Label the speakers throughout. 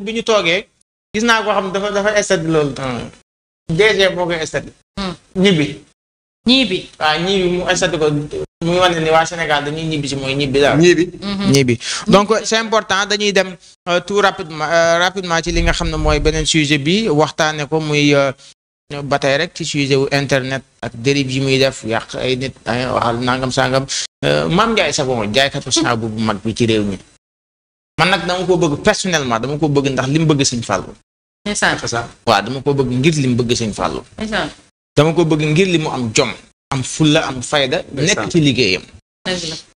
Speaker 1: bi ñu toogee gis naa koo xam ne dafa dafa estati loolu hmm. DG boo koy estati hmm. ñibbi ñiibi waaw ñiibi mu estati ko muy wane ni waa Sénégal dañuy ñibbi si mooy ñibbi daal ñiibi hmm. donc c'est important dañuy dem euh, tout rapidement euh, rapidement ci li nga xam ne mooy beneen sujet bi waxtaane ko muy euh, ba tey rek ci sujet wu internet ak dérive yi muy def yàq ay nit waxal nangam sangam Mame Ndiaye Savon jaaykatu saabu bu mag bi ci réew mi man nag dama ko bëgg personnellement dama ko bëgg ndax li mu bëgg sëñ Fallou. waa dama ko bëgg ngir li mu bëgg sëñ Fallou. dama ko bëgg ngir li mu am jom. am fulla am fayda. nekk ci liggéeyam.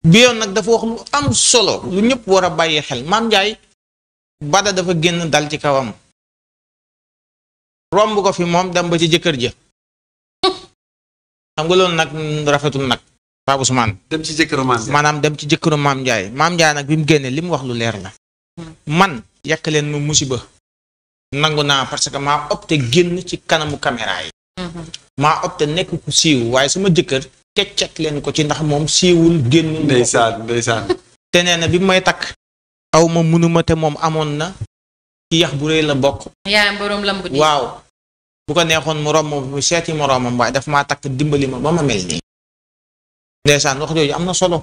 Speaker 1: bi yoon nag dafa wax lu am solo lu ñëpp war a bàyyi xel maam Ndiaye Bada dafa génn dal ci kawam. romb ko fi moom dem ci jëkkër ja xam nga loolu nag rafetul nag. Pape Ousmane. dem ci jëkkëru maanaam dem ci jëkkëru maam Ndiaye maam Ndiaye nag bi mu génnee li mu wax lu leer la. man yàq leen ma musiba. nangu naa parce que maa opté génn ci kanamu caméra yi. maa opté nekk siiw waaye sama jëkkër. keccet leen ko ci ndax moom siiwul génn. ndeysaan ndeysaan. te nee na bi may takk. aw ma munuma te moom amoon na. ci yax bu rëy la bokk.
Speaker 2: yaayam borom lamb waaw.
Speaker 1: bu ko neexoon mu romb mu seeti moroomam waaye daf maa takk dimbali ma ba ma mel nii. ndeysaan wax jooju am na solo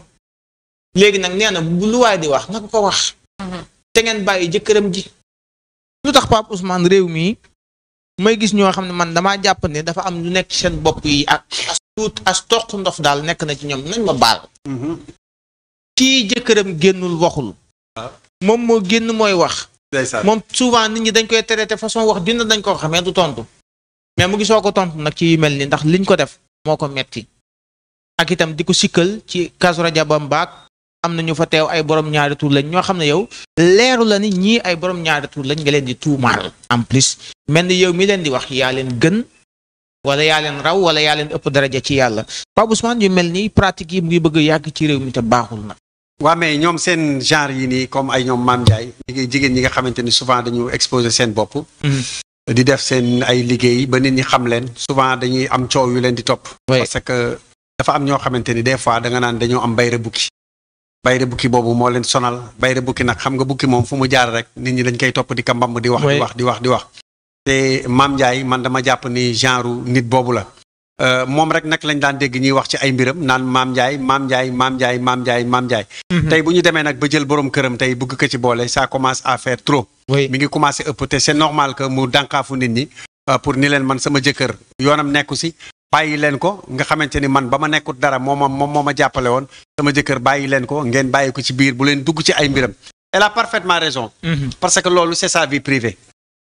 Speaker 1: léegi nag nee na bu lu waay di wax naka ko wax mhm. te ngeen bàyyi jëkkëram ji lu tax Pape Ousmane réew mii may gis ñoo xam ne man damaa jàpp ne dafa am lu nekk seen bopp yi ak as tuut as toq ndof daal nekk na ci ñoom nañ ma baal mhm. kii jëkkëram génnul waxul ah. moom moo génn mooy wax moom souvent nit ñi dañ koy traité façon wax dina dañ ko xamee du tontu mais mu gisoo ko tontu nag ci mel ni ndax liñ ko def moo ko metti ak itam di ko sikkal ci kasu rajabam baak am na ñu fa teew ay borom ñaari tuur lañ ñoo xam ne yow leeru la ni ñii ay borom ñaari tuur lañ nga leen di tuumaal en plus mel ni yow mi leen di wax yaa leen gën wala yaa leen raw wala yaa leen ëpp daraja ci yàlla Pape Ousmane yu mel nii pratique yi mu ngi bëgg a yàgg ci réew mi te baaxul na.
Speaker 3: waa mais ñoom seen genre yi nii comme ay ñoom Mame Ndiaye jigéen ñi nga xamante ni souvent dañu exposer seen bopp. Mm-hmm. di def seen ay liggéey ba nit ñi xam leen dafa am ñoo xamante ni des fois da nga naan dañoo am bayre bukki bayre bukki boobu moo leen sonal bayre bukki nag xam nga bukki moom fu mu jaar rek nit ñi dañ koy topp di ka mbamb di wax di wax di wax te Maam Ndiaye man dama jàpp ni genre nit boobu la euh, moom rek nag lañ daan dégg ñuy wax ci ay mbiram naan maam Ndiaye maam Ndiaye maam Ndiaye maam Ndiaye maam Ndiaye. Mhm. tey bu ñu demee nag ba jël boroom këram tey bëgg ko ci boole sa commence à faire trop. mi ngi commencé ëpp te c'est normal que mu dànkaafu nit ñi. Euh, pour man sama jëkkër bàyyi leen ko nga xamante ni man ba ma nekkut dara moo moom moom moo ma jàppale woon dama jëkkër bàyyi leen ko ngeen bàyyi ko ci biir bu leen dugg ci ay mbiram te la parfaitement raison mm-hmm. parce que loolu c'est sa vie privée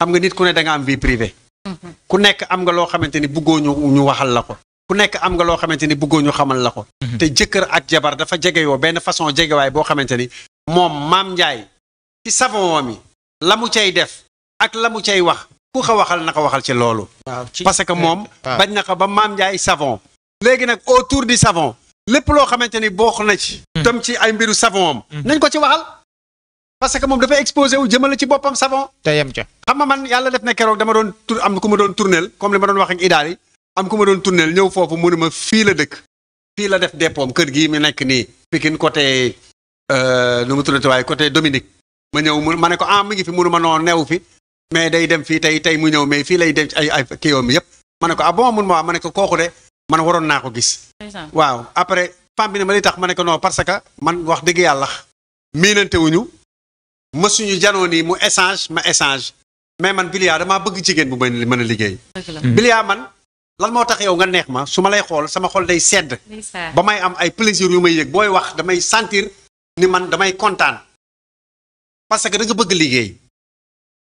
Speaker 3: xam nga nit ku ne danga am vie privée mm-hmm. ku nekk am nga loo xamante ni bëggoo ñu ñu waxal la ko ku nekk am nga loo xamante ni bëggoo ñu xamal la ko mm-hmm. te jëkkër ak jabar dafa jegeyoo benn façon jegewaay boo xamante ni moom maam Njaay ci savon mi la mu cay def ak la mu cay wax ku ko waxal na xa waxal ci loolu. parce que moom. bañ na ko ba maam Ndiaye savon. léegi nag autour du savon. lépp loo xamante ni bokk na ci. tam hmm. ci ay mbiru savon am. Hmm. nañ ko ci waxal. parce que moom dafa exposé wu jëmale ci boppam savon. te yem ca xam nga man yàlla def na keroog dama doon tour am ku ma doon tournel comme li ma doon wax ak Idaali am ku ma doon tournel ñëw foofu mu ma fii la dëkk. fii la def dépôt kër gii mi nekk nii. Pikine côté euh, nu mu tuddati waaye côté Dominique. ma ñëw mu ma ne ko ah mi ngi fi mënu ma noo neew fi. mais day dem fii tey tey mu ñëw mais fii lay dem ci ay ay kii yooyu yëpp ma ne ko ah bon mun ma ma ne ko kooku de man waroon naa ko gis. waaw après femme bi ne ma li tax ma ne ko non parce que man wax dëgg yàlla miinante wuñu ma suñu janoo nii mu échange ma échange mais man Bilia damaa bëgg jigéen bu mën mën a liggéey. Hmm. Bilia man lan moo tax yow nga neex ma su ma lay xool sama xol day sedd. ba may am ay plaisir yu may yëg booy wax damay sentir ni man damay kontaan parce que da bëgg liggéey.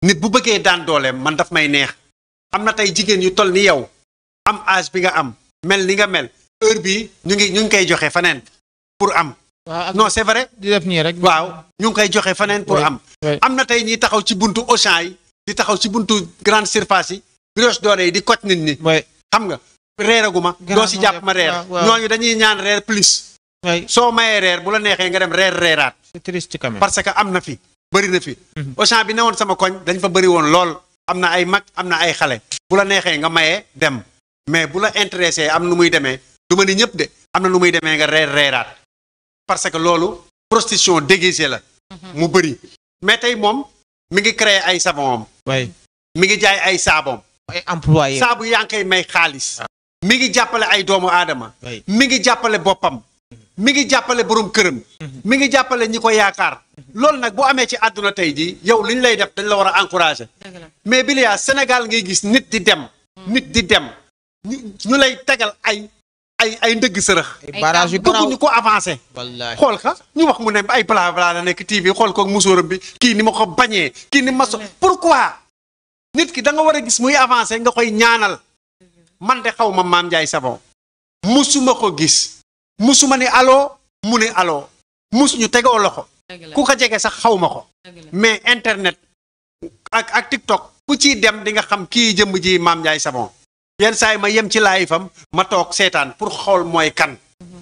Speaker 3: nit bu bëggee daan dooleem man daf may neex am na tey jigéen yu tol ni yow am âge bi nga am mel ni nga mel heure bii ñu ngi ñu ngi koy joxe faneen pour am. waaw non c'est vrai. di def nii rek. waaw ñu ngi koy joxe faneen pour am. am na tey ñiy taxaw ci buntu Auchan yi di taxaw ci buntu grande surface yi brioche doole yi di koj nit ñi. xam nga reeraguma. doo si jàpp ma reer ñooñu dañuy ñaan reer plus. soo mayee reer bu la neexee nga dem reer reeraat. c'est triste quand même parce que am na fi. bëri na fi. Mhm. Auchan bi woon sama koñ dañ fa bëri woon lool am na ay mag am na ay xale bu la neexee nga mayee dem mais bu la intéressé am nu muy demee du ma ni ñëpp de am na nu muy demee nga reer reeraat parce que loolu prostitution déguisée la. Mhm. mu bëri mais tey moom mi ngi créer ay savon am. waay mi ngi jaay ay saaboom. ay
Speaker 2: employé saabu
Speaker 3: yaa ngi may xaalis. Ah. mi ngi jàppale ay doomu aadama. mi ngi jàppale boppam. mi ngi jàppale borom këram. mi ngi jàppale ñi ko yaakaar. loolu nag boo amee ci àdduna tey jii yow li ñu lay def dañ la war a encourager. mais bi la Sénégal ngay gis nit di dem. Mm. nit di dem ñu lay tegal ay ay ay ndëgg sërëx. ay barrage yu ñu ko avancé.
Speaker 1: wallaahi xool
Speaker 3: ka ñu wax mu ne ay bla bla la nekk TV xool ko ak musóoram bi kii ni ma ko bañee kii ni ma pour mm. pourquoi nit ki da nga war a gis muy avancé nga koy ñaanal mm-hmm. man de xaw ma maam Ndiaye Savon musuma ko gis. musuma ne aloo mu ne allo mus ñu tegoo loxo ku ko jege sax xaw ma ko mais internet ak ak TikTok ku ci dem di nga xam kii jëmm ji Mame Ndiaye Savon yenn saa yi ma yem ci laay fam ma toog seetaan pour xool mooy kan mhm.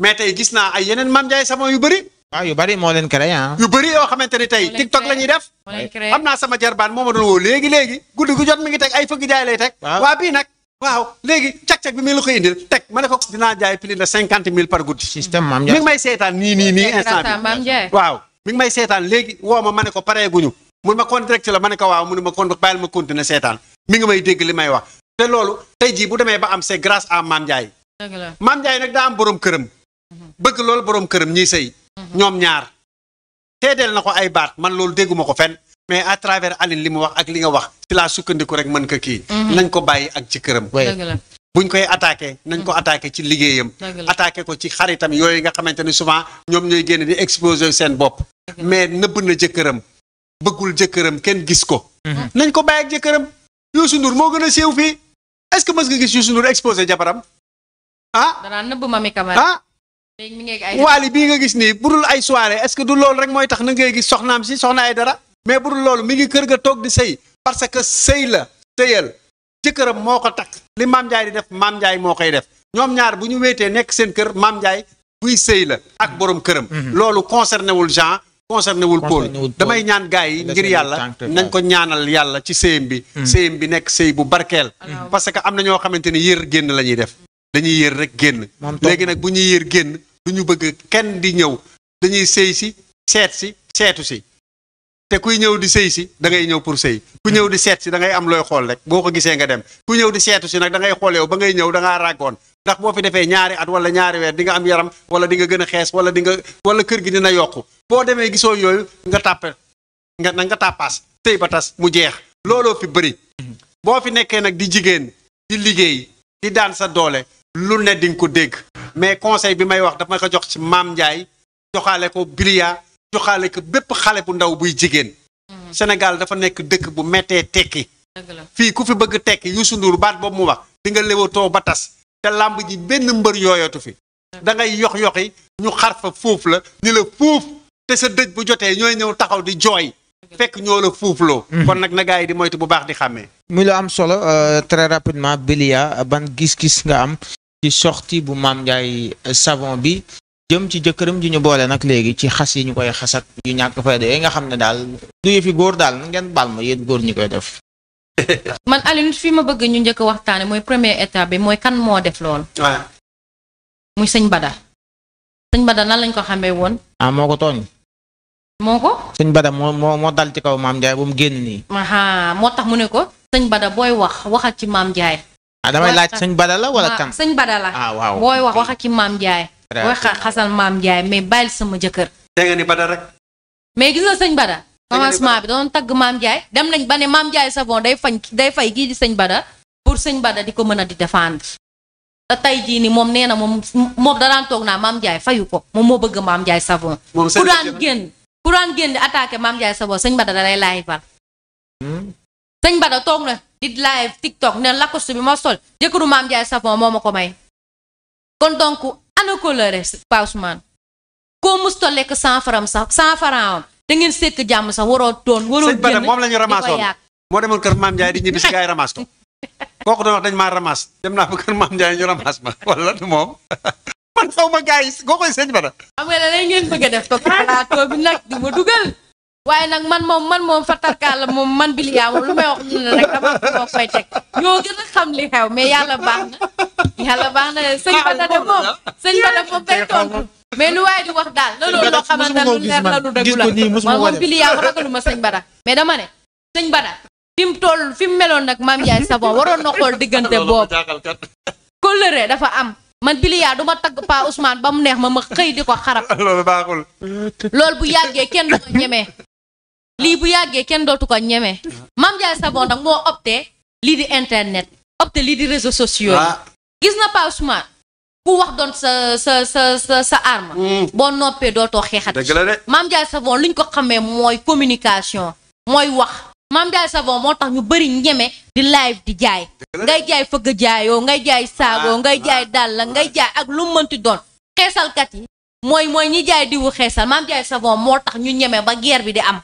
Speaker 3: mais tey gis naa ay yeneen Mame Ndiaye Savon yu bëri. waaw ah, yu bari moo leen créé ah. yu bari yoo xamante ni tey TikTok la ñuy def. xam naa sama jarbaan moo ma doon woo léegi léegi guddi gu jot mi ngi teg ay fëgg jaay lay teg. waa bii nag. waaw léegi cag-cag bi mi la koy indil teg ma ne ko dinaa jaay plus de cinquante mille par guddi. système maam Ndiaye mi ngi may seetaan nii nii nii instant bi waaw mi ngi may seetaan léegi woo ma ma ne ko pareeguñu mun ma kon direct la ma ne ko waaw mu ne ma kon bàyyil ma continuer seetaan mi ngi may dégg li may wax te loolu tey jii bu demee ba am see grâce à maam Ndiaye. maam Ndiaye nag daa am borom këram. Mhm. bëgg loolu borom këram ñiy sey mhm. ñoom ñaar teedeel na ko ay baat man loolu dégguma ko fenn. mais à travers Aline li mu wax ak li nga wax ci laa sukkandiku rek mën ko kii mhm. nañ ko bàyyi ak ci këram buñ koy attaqué nañ ko mhm. attaqué ci liggéeyam attaqué ko ci xaritam yooyu nga xamante ne souvent ñoom ñooy génn di exposé seen bopp mais nëbb na jëkkëram bëggul jëkkëram kenn gis ko mhm. nañ ko bàyyi ak jëkkëram Youssou Ndour moo gën a siw fii est-ce que mës nga gis Youssou Ndour exposé jabaram
Speaker 2: ah danaa nëbb Mamy Camara ah waali bii
Speaker 3: nga gis nii bu dul ay soirée est-ce que du loolu rek mooy tax na ngay gis soxnaam si soxna ay mais bu dul loolu mi ngi kër ga toog di sëy parce que sëy la sëyal jëkkëram moo ko takk li maam Ndiaye di def maam Ndiaye moo koy def ñoom ñaar bu ñu weetee nekk seen kër maam Ndiaye buy sëy la ak borom këram. Mhm. loolu concerné wul Jean concerné wul Paul damay ñaan gars yi ngir yàlla nañ ko ñaanal yàlla ci sëyam bi. Mhm. sëyam bi nekk sëy bu barkeel. Mhm. parce que am na ñoo xamante ni yër génn lañuy def dañuy yër rek génn. léegi nag bu ñuy yër génn du ñu bëgg kenn di ñëw dañuy sëy si seet si seetu si. te kuy ñëw di sëy si da ngay ñëw pour sëy ku ñëw di seet si da ngay am looy xool rek boo ko gisee nga dem ku ñëw di seetu si nag da ngay xool yow ba ngay ñëw dangaa ngaa ràggoon ndax boo fi defee ñaari at wala ñaari weer di nga am yaram wala dinga gën a xees wala di nga wala kër gi dina yokku boo demee gisoo yooyu nga tàppe nga nga tàppaas sëy ba tas mu jeex looloo fi bëri boo fi nekkee nag di jigéen di liggéey di daan sa doole lu ne di ko dégg mais conseil bi may wax dafa ko jox ci maam Ndiaye joxaale ko Bilia joxaale ko bépp xale bu ndaw buy jigéen mm-hmm. senegal dafa nekk dëkk bu mettee tekki fii ku fi bëgg tekki Youssou Ndour baat boobu mu wax di nga léwatoo ba tas te làmb ji benn mbër yooyootu fi da ngay yox-yoxi ñu xar fa fuuf la ni la fuuf te sa dëj bu jotee ñooy ñëw taxaw di jooy fekk ñoo la fuufloo. Mm-hmm. kon nag na yi di moytu bu baax di xàmmee.
Speaker 1: muy la am solo euh, très rapidement Bilia ban gis-gis nga am ci sortie bu Mame Ndiaye euh, Savon bi jëm ci jëkkëram ji ñu boole nag léegi ci xas yi ñu koy xas yu ñàkk fayda yi nga xam ne daal du yëfi góor daal ngeen baal ma yéen góor ñu koy def.
Speaker 2: man Alioune fi ma bëgg ñu njëkk waxtaane mooy première état bi mooy kan moo def lool. muy sëñ Bada. sëñ Bada nan lañ ko xamee woon.
Speaker 1: ah moo ko tooñ. moo ko. sëñ Bada moo moo moo dal ci kaw maam Ndiaye bu mu génn nii.
Speaker 2: moo tax mu ne ko. sëñ Bada booy wax waxal ci maam Ndiaye. ah damay laaj sëñ Bada la wala ah, kan. sëñ Bada la. ah booy xasal maam Ndiaye mais bàyyil sama jëkkër.
Speaker 3: te nga ni Bada rek.
Speaker 2: mais gis nga sëñ Bada. commencement bi doon tagg maam Ndiaye dem nañ ba ne maam Ndiaye Savon day fañ day fay gii di sëñ Bada pour sëñ Bada di ko mën a di défendre. te tey jii ni moom nee na moom moom da daan toog naa maam Ndiaye fayu ko moom moo bëgg maam Ndiaye sabon moom ku daan génn ku daan génn di attaqué maam Ndiaye Savon sëñ Bada da lay laay fal. Hmm? sëñ Bada toog na di live TikTok ne lakkos bi ma sol jëkkëru maam Ndiaye sabon moo ma ko may kon donc. ana colère Pa Ousmane koo mës ta lekk cent franc sax cent franc am da ngeen sekk jàmm sax waroo toon waroo génn sëñ moom la ñu
Speaker 3: moo maa ramas dem naa ba kër maam Ndiaye ñu ramas ma wala du moom man xaw ma gars yi koo koy sëñ Bada.
Speaker 2: xam nga ne lay ngeen bëgg a def toog bi nag di ma dugal. waaye nag man moom man moom fatarkaal la moom man Bilia moom lu may wax ñu ne rek dama moo koy teg ñoo gën a xam li xew mais yàlla baax na yàlla baax na sëñ ah, Bada de moom sëñ Bada moom day tontu mais wax daal loolu loo xamante lu leer la lu dëgg mais dama ne sëñ Bada fi mu toll fi mu meloon nag maam yaay Savon waroon na xool diggante boobu kóllëre dafa am man Bilia du ma tagg Pa Ousmane ba mu neex ma ma xëy di ko xarab loolu bu yàggee kenn du ko lii bu yàggee kenn dootu ko ñeme Mame Ndiaye Savon nag moo opté lii di internet opté lii di réseaux sociaux yi ah. gis na Pape ku wax doon sa sa sa sa sa arme hmm. boo noppee dootoo xeexat Mame Ndiaye Savon li ñu ko xamee mooy communication mooy wax Mame Ndiaye Savon moo tax ñu bëri ñeme di live di jaay ngay jaay fëgg jaayoo ngay jaay saagoo ah, ngay jaay ah, dàll ngay jaay ak lu mënti doon xeesalkat yi mooy mooy ñi jaay diwu xeesal Mame Ndiaye Savon moo tax ñu ñeme ba guerre bi di am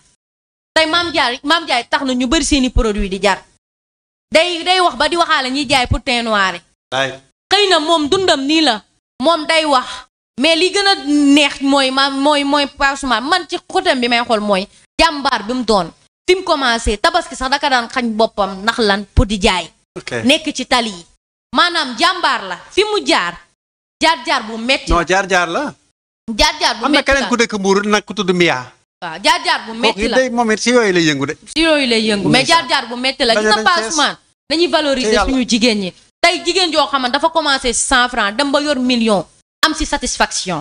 Speaker 2: tey maam jaay maam jaay tax na ñu bëri seeni produit di jar day day wax ba di waxaale ñi jaay pour teint noir
Speaker 3: xëy
Speaker 2: na moom dundam nii la moom day wax mais li gën a neex mooy ma mooy mooy man ci xotam bi may xool mooy jàmbaar bi mu doon fi mu commencé tabaski sax daka daan xañ boppam ndax lan pour di jaay nekk ci tali yi maanaam jàmbaar la fi jaar jaar jaar bu metti non
Speaker 3: jaar jaar la
Speaker 2: jaar jaar bu metti am na keneen ku
Speaker 3: dekk Mbuur nag ku tudd Mia
Speaker 2: waaw jaar jaar bu métti la
Speaker 3: moom it si yooyu lay yëngu de.
Speaker 2: si yooyu lay yëngu mais jaar jaar bu métti la. gis nga passement dañuy valoriser suñu jigéen ñi. tey jigéen yoo dafa commencé cent franc dem ba yor million am si satisfaction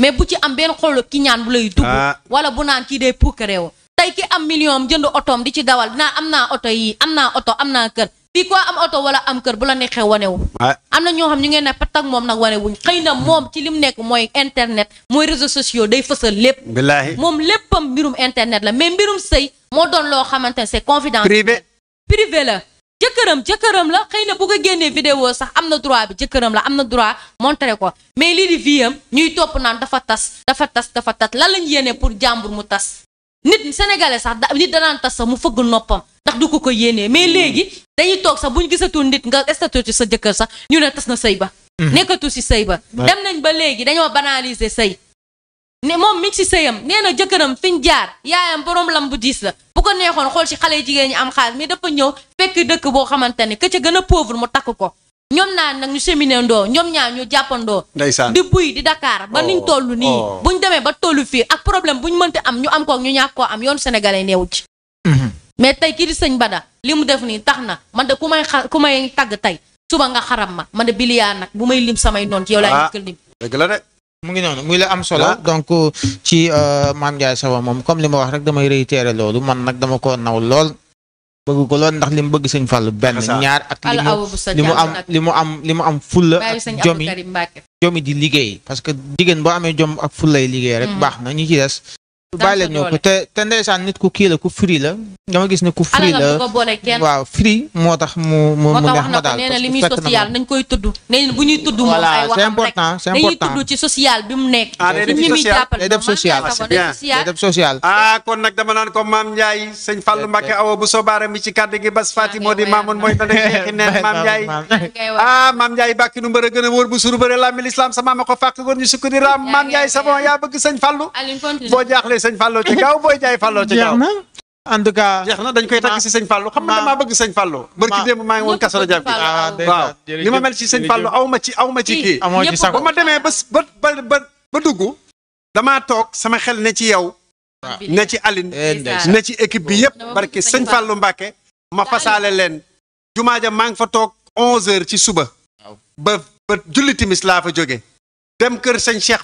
Speaker 2: mais bu ci am benn xolu ki ñaan bu lay dugg. Ah. wala bu naan kii day puuk réew. tey ki am million am jënd otoom di ci dawal dinaa am naa oto yii am naa oto am naa kër. fii ko am oto wala am kër bu la neexee wanewu ah. am na ñoo xam ñu ngeen ne pat ak moom nag wane wanewuñ xëy na moom ci lim nekk mooy internet mooy réseaux sociaux day fësal lépp
Speaker 3: billaahi moom
Speaker 2: léppam mbirum internet la mais mbirum sëy moo doon loo xamante ne c'est confidence privé privé la jëkkëram jëkkëram la xëy na bu ko génnee vidéo sax am na droit bi jëkkëram la am na droit montré ko mais lii di vie am ñuy topp naan dafa tas dafa tas dafa tas lan lañ yéene pour jàmbur mu tas nit sénégalais sax nit danaan tas sax mu fëgg noppam ndax du ko ko yéenee mais hmm. léegi dañuy toog sax bu ñu gisatul nit nga statut ci sa jëkkër sax ñu ne tas na sëy ba hmm. nekkatu si sëy ba dem nañ ba léegi dañoo banaliser sëy ne moom mi ci si sëyam nee na jëkkëram fi ñu jaar yaayam borom lam bu diis la bu ko neexoon xool si xale yi jigéen ñi am xaalis mais dafa ñëw fekk dëkk boo xamante ne ka ca gën a mu takk ko ñoom naa nag ñu cheminer ñoom ñaar ñu jàppandoo ndeysaan di buy di Dakar ba niñ oh. toll nii oh. buñ demee ba tollu fii ak problème buñ mënti am ñu am ko ñu ñàkk koo am yoon sénégalais neewu ci mais tey kii di sëñ Bada li mu def nii tax na man de ku may xa ku may tagg tey suba nga xaram ma man de biliyaa nag bu may lim samay noonu ci yow laay ah,
Speaker 3: njëkkal la
Speaker 1: mu ngi noonu muy la am solo ah. donc ci euh, Mame Ndiaye moom comme li ma wax rek damay réitéré loolu man nag dama ko naw lool bëgg ko lool ndax li mu bëgg sëñ Fallou benn ñaar ak li mu am li mu am li mu am fulla ak jomi jomi di liggéey parce que jigéen boo amee jom ak fullay liggéey rek mm. baax na ñi ci des bàyyi leen ñoo ko te te ndeysaan nit ku kii la ku free la dama gis ne ku free la waaw free moo tax mu mu neex ma daal nee na li muy social
Speaker 2: koy tudd bu ñuy tudd moom ay wax bi mu nekk ah, ñi muy jàppal day def social day def social
Speaker 3: ah kon nag dama naan ko maam Ndiaye sëñ Fallou Mbacke awo bu soobaara mi ci kàddu gi bas Fati moo di maamoon mooy dana xeexi neen maam Ndiaye ah maam Ndiaye bàkki nu mbër a gën a wóor bu suru bëre làmmi lislaam sa maama ko fàkk goon ñu sukk di raam maam Ndiaye sa yaa bëgg sëñ Fallou
Speaker 2: boo sëñ Fallou ci gaaw booy jaay Fallou ci gaaw
Speaker 3: na dañ koy takk ci sëñ Fallou xam nga damaa bëgg sëñ Fallou barki démb maa ngi woon Kazu Rajab bi waaw ma mel ci sëñ Fallou aw ma ci aw ma ci kii ba ma demee ba ba ba ba dugg damaa toog sama xel ne ci yow ne ci alin ne ci équipe bi yépp barki sëñ Fallou mbake ma fasale leen jumaa ja maa ngi fa toog onze heures ci suba ba ba julli timis laa fa jóge dem kër sëñ Cheikh